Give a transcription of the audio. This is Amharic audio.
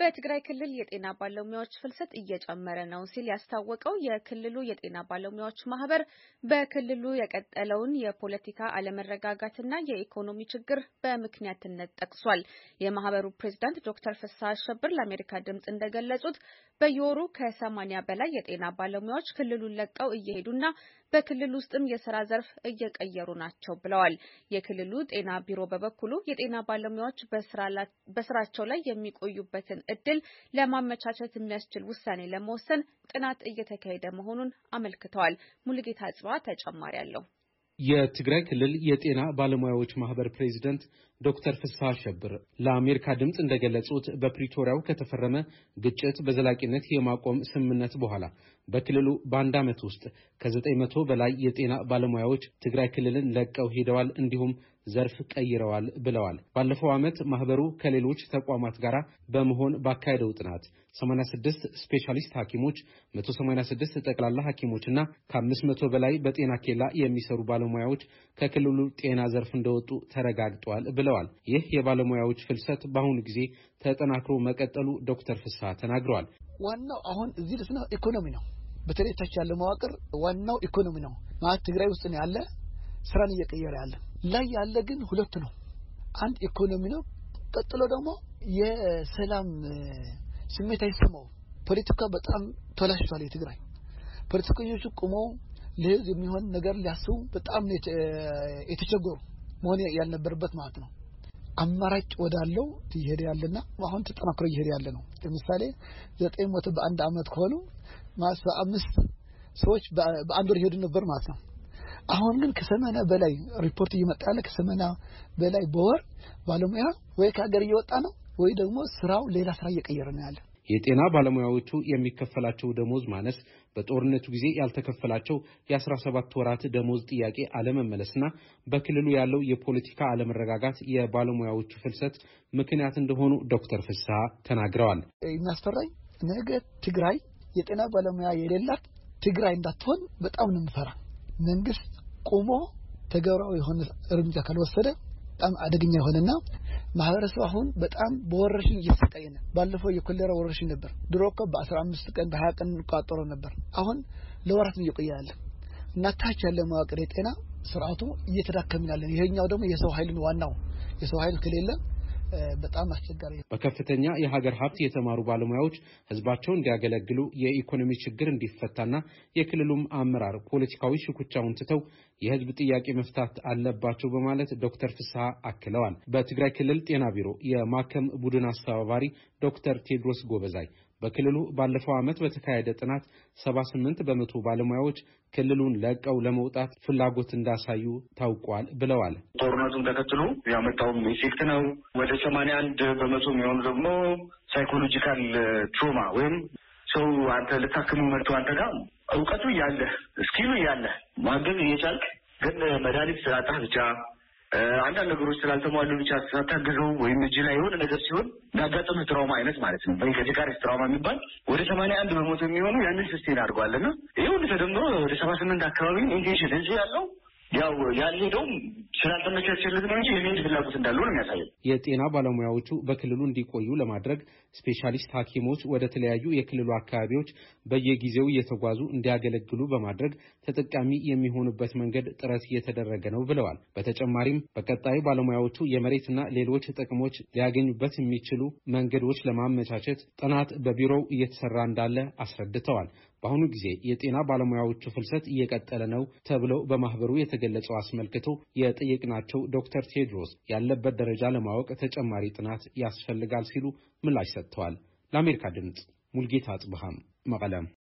በትግራይ ክልል የጤና ባለሙያዎች ፍልሰት እየጨመረ ነው ሲል ያስታወቀው የክልሉ የጤና ባለሙያዎች ማህበር በክልሉ የቀጠለውን የፖለቲካ አለመረጋጋትና የኢኮኖሚ ችግር በምክንያትነት ጠቅሷል። የማህበሩ ፕሬዚዳንት ዶክተር ፍስሐ አሸብር ለአሜሪካ ድምፅ እንደገለጹት በየወሩ ከሰማኒያ በላይ የጤና ባለሙያዎች ክልሉን ለቀው እየሄዱና በክልል ውስጥም የስራ ዘርፍ እየቀየሩ ናቸው ብለዋል። የክልሉ ጤና ቢሮ በበኩሉ የጤና ባለሙያዎች በስራቸው ላይ የሚቆዩበትን እድል ለማመቻቸት የሚያስችል ውሳኔ ለመወሰን ጥናት እየተካሄደ መሆኑን አመልክተዋል። ሙልጌታ ጽባ ተጨማሪ አለው። የትግራይ ክልል የጤና ባለሙያዎች ማህበር ፕሬዚደንት ዶክተር ፍስሐ አሸብር ለአሜሪካ ድምፅ እንደገለጹት በፕሪቶሪያው ከተፈረመ ግጭት በዘላቂነት የማቆም ስምምነት በኋላ በክልሉ በአንድ ዓመት ውስጥ ከዘጠኝ መቶ በላይ የጤና ባለሙያዎች ትግራይ ክልልን ለቀው ሄደዋል። እንዲሁም ዘርፍ ቀይረዋል ብለዋል። ባለፈው ዓመት ማህበሩ ከሌሎች ተቋማት ጋር በመሆን ባካሄደው ጥናት 86 ስፔሻሊስት ሐኪሞች፣ 186 ጠቅላላ ሐኪሞችና ከ500 በላይ በጤና ኬላ የሚሰሩ ባለሙያዎች ከክልሉ ጤና ዘርፍ እንደወጡ ተረጋግጧል ብለዋል። ይህ የባለሙያዎች ፍልሰት በአሁኑ ጊዜ ተጠናክሮ መቀጠሉ ዶክተር ፍስሐ ተናግረዋል። ዋናው አሁን እዚህ ደስ ነው ኢኮኖሚ ነው። በተለይ ታች ያለው መዋቅር ዋናው ኢኮኖሚ ነው ማለት ትግራይ ውስጥ ያለ ስራን እየቀየረ ያለ ላይ ያለ ግን ሁለት ነው። አንድ ኢኮኖሚ ነው። ቀጥሎ ደግሞ የሰላም ስሜት አይሰማው። ፖለቲካ በጣም ተላሽቷል። የትግራይ ፖለቲከኞቹ ቁመው ለህዝብ የሚሆን ነገር ሊያስቡ በጣም የተቸገሩ መሆን ያልነበረበት ማለት ነው። አማራጭ ወዳለው እየሄደ ያለና አሁን ተጠናክሮ እየሄደ ያለ ነው። ለምሳሌ ዘጠኝ መቶ በአንድ አመት ከሆኑ ማለት አምስት ሰዎች በአንድ ወር ይሄዱ ነበር ማለት ነው። አሁን ግን ከሰመና በላይ ሪፖርት እየመጣ ያለ ከሰመና በላይ በወር ባለሙያ ወይ ከሀገር እየወጣ ነው ወይ ደግሞ ስራው ሌላ ስራ እየቀየረ ነው ያለ። የጤና ባለሙያዎቹ የሚከፈላቸው ደሞዝ ማነስ፣ በጦርነቱ ጊዜ ያልተከፈላቸው የ17 ወራት ደሞዝ ጥያቄ አለመመለስና በክልሉ ያለው የፖለቲካ አለመረጋጋት የባለሙያዎቹ ፍልሰት ምክንያት እንደሆኑ ዶክተር ፍስሐ ተናግረዋል። የሚያስፈራኝ ነገ ትግራይ የጤና ባለሙያ የሌላት ትግራይ እንዳትሆን በጣም ነው የምፈራ። መንግስት ቆሞ ተገብራዊ የሆነ እርምጃ ካልወሰደ በጣም አደገኛ የሆነና ማህበረሰብ አሁን በጣም በወረርሽኝ እየተሰቃየ ነው። ባለፈው የኮሌራ ወረርሽኝ ነበር። ድሮ እኮ በአስራ አምስት ቀን በሀያ ቀን እንቋጠሮ ነበር። አሁን ለወራት እየቆየ ያለ እና ታች ያለ መዋቅር የጤና ስርዓቱ እየተዳከምን ያለን፣ ይሄኛው ደግሞ የሰው ኃይልን ዋናው የሰው ኃይል ከሌለ በጣም አስቸጋሪ። በከፍተኛ የሀገር ሀብት የተማሩ ባለሙያዎች ህዝባቸው እንዲያገለግሉ የኢኮኖሚ ችግር እንዲፈታና የክልሉም አመራር ፖለቲካዊ ሽኩቻውን ትተው የህዝብ ጥያቄ መፍታት አለባቸው በማለት ዶክተር ፍስሐ አክለዋል። በትግራይ ክልል ጤና ቢሮ የማከም ቡድን አስተባባሪ ዶክተር ቴድሮስ ጎበዛይ በክልሉ ባለፈው ዓመት በተካሄደ ጥናት 78 በመቶ ባለሙያዎች ክልሉን ለቀው ለመውጣት ፍላጎት እንዳሳዩ ታውቋል ብለዋል። ጦርነቱን ተከትሎ ያመጣውም ኢፌክት ነው። ወደ 81 በመቶ የሚሆኑ ደግሞ ሳይኮሎጂካል ትሮማ ወይም ሰው አንተ ልታክመው መጥቶ አንተ ጋር እውቀቱ እያለህ እስኪሉ እያለህ ማገዝ እየቻልክ ግን መድኃኒት ስላጣህ ብቻ አንዳንድ ነገሮች ስላልተሟሉ ብቻ ሳታገዘው ወይም እጅ ላይ የሆነ ነገር ሲሆን እንዳጋጠመህ ትራውማ አይነት ማለት ነው። ወይ ከዲካሪስ ትራውማ የሚባል ወደ ሰማንያ አንድ በመቶ የሚሆኑ ያንን ስስቴን አድርጓልና ይህ ሁሉ ተደምሮ ወደ ሰባ ስምንት አካባቢ ኢንቴንሽን እዚህ ያለው ያው ያልሄደውም ስላልተመቻቸለት ነው እንጂ የመሄድ ፍላጎት እንዳለ ነው የሚያሳየው። የጤና ባለሙያዎቹ በክልሉ እንዲቆዩ ለማድረግ ስፔሻሊስት ሐኪሞች ወደ ተለያዩ የክልሉ አካባቢዎች በየጊዜው እየተጓዙ እንዲያገለግሉ በማድረግ ተጠቃሚ የሚሆኑበት መንገድ ጥረት እየተደረገ ነው ብለዋል። በተጨማሪም በቀጣዩ ባለሙያዎቹ የመሬትና ሌሎች ጥቅሞች ሊያገኙበት የሚችሉ መንገዶች ለማመቻቸት ጥናት በቢሮው እየተሰራ እንዳለ አስረድተዋል። በአሁኑ ጊዜ የጤና ባለሙያዎቹ ፍልሰት እየቀጠለ ነው ተብለው በማህበሩ የተገለጸው አስመልክቶ የጠየቅናቸው ዶክተር ቴድሮስ ያለበት ደረጃ ለማወቅ ተጨማሪ ጥናት ያስፈልጋል ሲሉ ምላሽ ሰጥተዋል። ለአሜሪካ ድምፅ ሙልጌታ አጽብሃም መቀለም